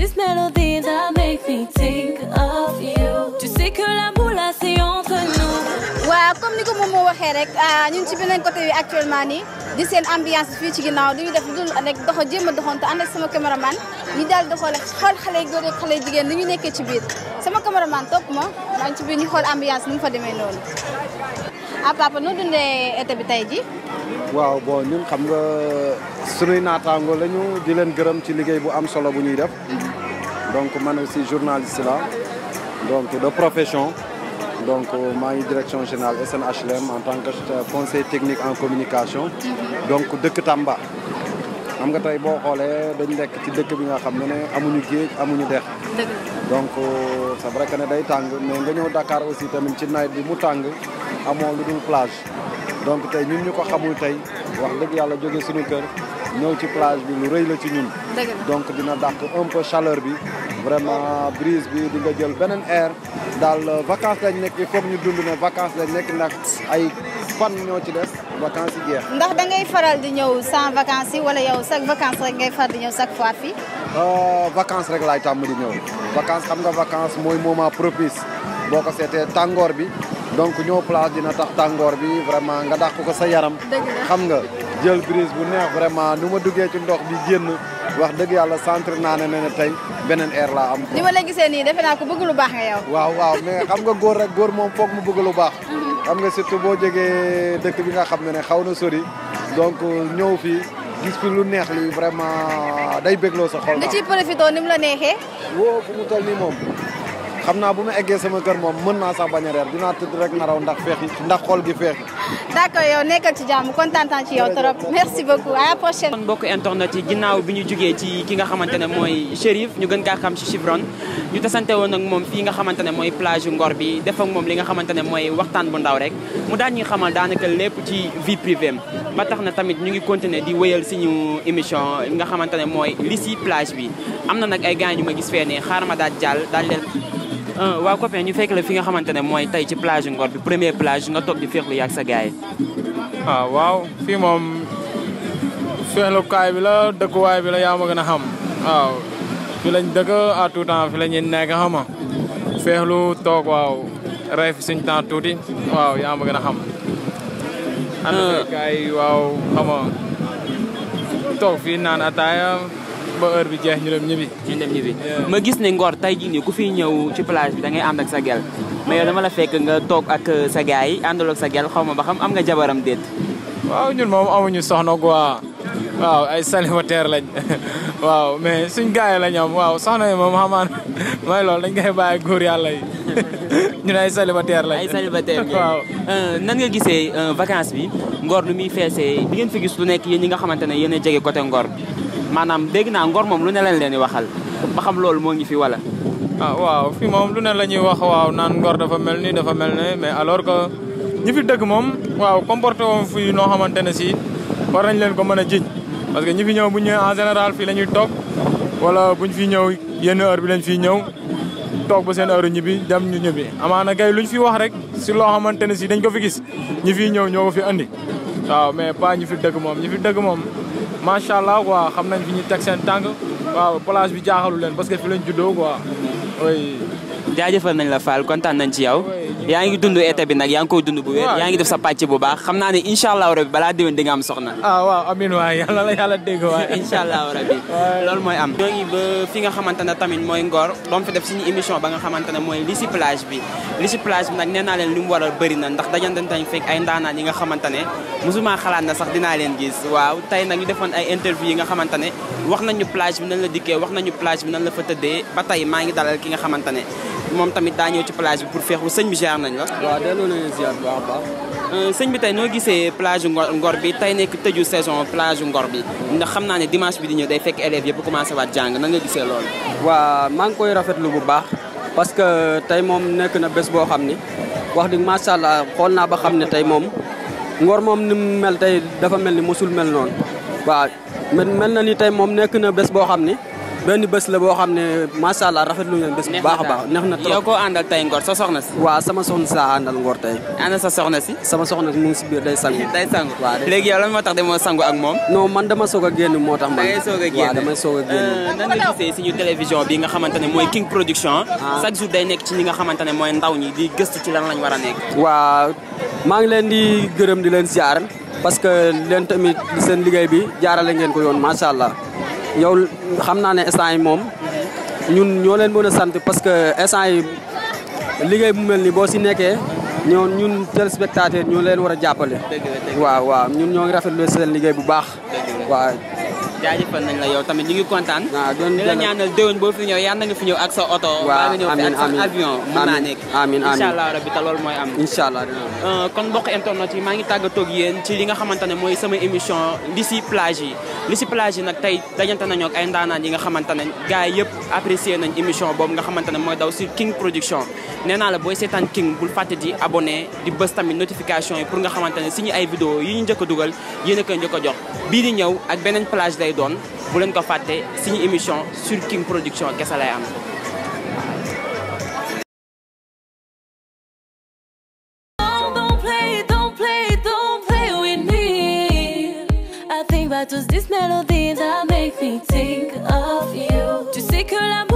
This melody that makes me think of you Tu sais que l'amour là c'est entre nous waaw comme ni ko moom moo waxee rek ah, ñun ci beneen côté bi actuellement nii di seen ambiance fii ci ginnaaw dañuy def dul rek doxo jéem a doxoon te ànd ak sama cameraman ñu daal di xool xool xale góor ak xale jigéen ni ñu nekkee ci biir sama cameraman topp ma maa ci biir ñu xool ambiance ni mu fa demee noonu ah papa noo dundee été bi tey ji waaw bon ñun xam nga sunuy naataango lañu di leen gërëm ci liggéey bu am solo bu ñuy def donc moi aussi journaliste là. donc de profession donc euh, ma direction générale SNHLM en tant que conseiller technique en communication donc de Tamba Am nga tey boo xoolee dañ nekk ci dëkk bi nga xam amuñu géej amuñu dex donc ça euh, vrai day tàng mais nga ñëw Dakar aussi tamit ci nawet bi mu tàng amoo lu plage donc tey ñun ñu ko xamul tey wax dëgg yàlla jóge suñu kër ñëw ci plage bi lu rëy la ci ñun donc dina dàq un peu chaleur bi vraiment brise bi di nga jël beneen air daal euh, vacances lañ nekk il ñu dund ne vacances lañ nekk ndax ay fan ñoo ci des vacances yi jeex ndax da faral di ñëw sans vacances yi wala yow chaque vacances rek ngay faral di ñëw chaque fois fii euh, vacances rek laay tàmm di ñëw vacances xam nga vacances mooy moment propice boo ko seetee tàngoor bi donc ñoo place dina tax tàngoor bi vraiment nga dàq ko sa yaram. xam nga jël brise bu neex vraiment nu ma duggee ci ndox bi génn wax dëgg yàlla centre naa ne ne tey beneen air laa am. ni la gisee nii defe naa ko bëgg lu baax nga yow. waaw waaw mais xam nga góor rek góor moom foog mu bëgg lu baax. Mhm. xam nga surtout boo jegee dëkk bi nga xam ne ne xaw na sori donc ñëw fii. gis fi lu neex li vraiment day bégloo sa xol. nga ciy profité ni mu la neexee. woo fu mu toll nii moom xam naa bu ma eggee sama kër moom mën naa sax bañ a reer dinaa tëdd rek naraw ndax ndax xool gi feex d'accord yow nekkal ci jàmm kontaan ci yow trop merci beaucoup à la prochaine. kon mbokk internet yi ginnaaw bi ñu jugee ci ki nga xamante ne mooy Chérif ñu gën kaa xam ci Chevron ñu tasante woon ak moom fii nga xamante ne mooy plage Ngor bi def ak moom li nga xamante ne mooy waxtaan bu ndaw rek mu daal ñuy xamal daanaka lépp ci vie privée ba tax na tamit ñu ngi continuer di wéyal suñu émission li nga xamante ne mooy li si bi am na nag ay gars ñu ma gis fee ne xaaral ma daal jàll daal Euh, waaw copain ñu fekk la fi nga xamante ne mooy tey ci plage Ngor bi première plage nga toog di féexlu yàgg sa gars ah, waaw fii moom féexlukaay bi la dëkkuwaay bi la yaa ma gën a xam. waaw fi dëkk à ah, tout temps fi la ñuy nekk xam nga féexlu toog waaw rey fi suñu temps waaw yaa a xam. Euh. ànd ak waaw xam nga toog naan ataaya. ba heure bi jeex ñu dem ñibbi. ñu dem ma gis ne Ngor tey jii nii ku fiy ñëw ci plage bi da ngay ànd ak sa gel mais yow dama la fekk nga toog ak euh, sa gars yi àndaloo ak xaw ma ba xam am nga jabaram déet. waaw ñun moom amuñu soxna quoi waaw ay célibataire lañ waaw mais suñ gars yi lañ am waaw soxna yi moom xamaan mooy loolu dañ koy bàyyi góor yàlla yi ñun ay célibataire lañ. ay célibataire waaw. Euh, nan nga gisee euh, vacance bi Ngor nu muy feesee di ngeen fi gis lu nekk yéen ñi nga xamante ne yéen a jege côté Ngor bi. maanaam dégg naa ngor moom lu ne lañ leen di waxal ba xam loolu moo ngi fi wala. Ah, waaw fii moom lu ne la ñuy wax waaw naan ngor dafa mel ni dafa mel ne mais alors que ñi fi dëkk moom waaw comporté woon fii noo xamante ne si war nañ leen ko mën a jiñ parce que ñi fi ñëw bu ñu en général fii la ñuy toog wala ñu fi ñëw yenn heure bi lañ fiy ñëw toog bu seen heure ñibbi dem ñu ñibbi amaana kay luñ fi wax rek si loo xamante ne si dañ ko fi gis ñi fiy ñëw ñoo fi andi waaw mais pas ñi fi dëkk moom ñi fi dëkk moom. macha allah quoi xam nañ fi ñu teg seen tànk waaw place bi jaaxalu leen parce que fi lañ juddoo quoi oui. jaajëfal nañ la Fall kontaan nañ ci yow. yaa ngi dund été bi nag yaa ngi koy dund bu ngi def sa pàcc bu baax xam naa ne incha allahu rabi balaa déwén di nga am soxna ah waaw amin waay yàlla la yàlla dégg waay incha allahu loolu mooy am fi nga xamante ne tamit mooy Ngor doon def suñu émission ba nga xamante ne mooy li si bi li si plage bi nag nee leen li mu war a bëri na ndax dajantantañ fekk ay ndaanaan yi nga xamante ne mosuma xalaat na sax dinaa leen gis waaw tey nag ñu defoon ay interview yi nga xamante ne wax nañu plage bi nan la dikkee wax nañu plage bi nan la fa tëddee ba tey maa ngi dalal ki nga xamante ne mom tamit da ñew ci plage bi pour fexu señ bi jaar nañ la. waaw delloo nañu ziar bu baax a baax. Euh, sëñ bi tay no gisé plage ngor bi tay nek teju saison plage ngor bi ndax xam naa ne dimanche bi di ñew day fekk élève yépp commencé wat jang na nga gisé lool wa ma ngi koy rafetlu bu baax parce que tay mom nek na bés bo xamni wax di ma sha allah xol na ba xamni tay mom ngor mom ni mel tay dafa mel musul mel non wa mel na ni tay mom nek na bes bo xamni benn bés la boo xam ne macha allah rafet lu ñeen bés bu baax a baax neex na trop yow koo àndal tey ngor sa soxna si waaw sama soxna si laa àndal ngor tey ànd sa soxna si sama soxna si mu ngi si biir day sangu day sangu waaw léegi yow lan moo tax demoo sangu ak moom non man dama soog a génn moo tax man dangay soog a génn waaw damay soog a génn euh, nan nga gisee suñu télévision bi nga xamante ne mooy King Production ah. chaque jour day nekk ci li nga xamante ne mooy ndaw ñi di gëstu ci lan lañ war a nekk waaw maa ngi leen di gërëm di leen ziar parce que leen tamit seen liggéey bi jaarale ngeen ko yoon macha allah yow xamna naa ne instant yi moom ñun ñoo leen mëna a sant parce que instant yi liggéey bu melni bo ci si ñoo ñun téléspectateur ñoo leen wara a waaw waaw ñun ñoo ngi lu seen liggéey bu baax waaw jaajëfal nañ la yow tamit ñu ngi kontaan di la ñaanal déwén bo fi ñew yàlla nga fi ñew ak sa auto ba nga ñew fi ak sa avion mëna naa amin amin inshallah rabbi ta lol moy am inshallah euh, kon mbokk internet yi ma ngi tàggatoo ak ci li nga xamantane moy sama émission li plage yi lu si plage yi nag tey dajante nañoo ak ay ndaanaan yi nga xamante ne gars yi yëpp apprécié nañ émission boobu nga xamante ne mooy daw sur King Production nee naa la booy seetaan King bul fàtte di abonné di bës tamit notification yi pour nga xamante ne suñu ay vidéo yi ñu njëkk dugal yéen a koy njëkk a jox bii di ñëw ak beneen plage lay doon bu leen ko fàtte suñu émission sur King Production kese lay am It was this melody that made me think of you Tu sais que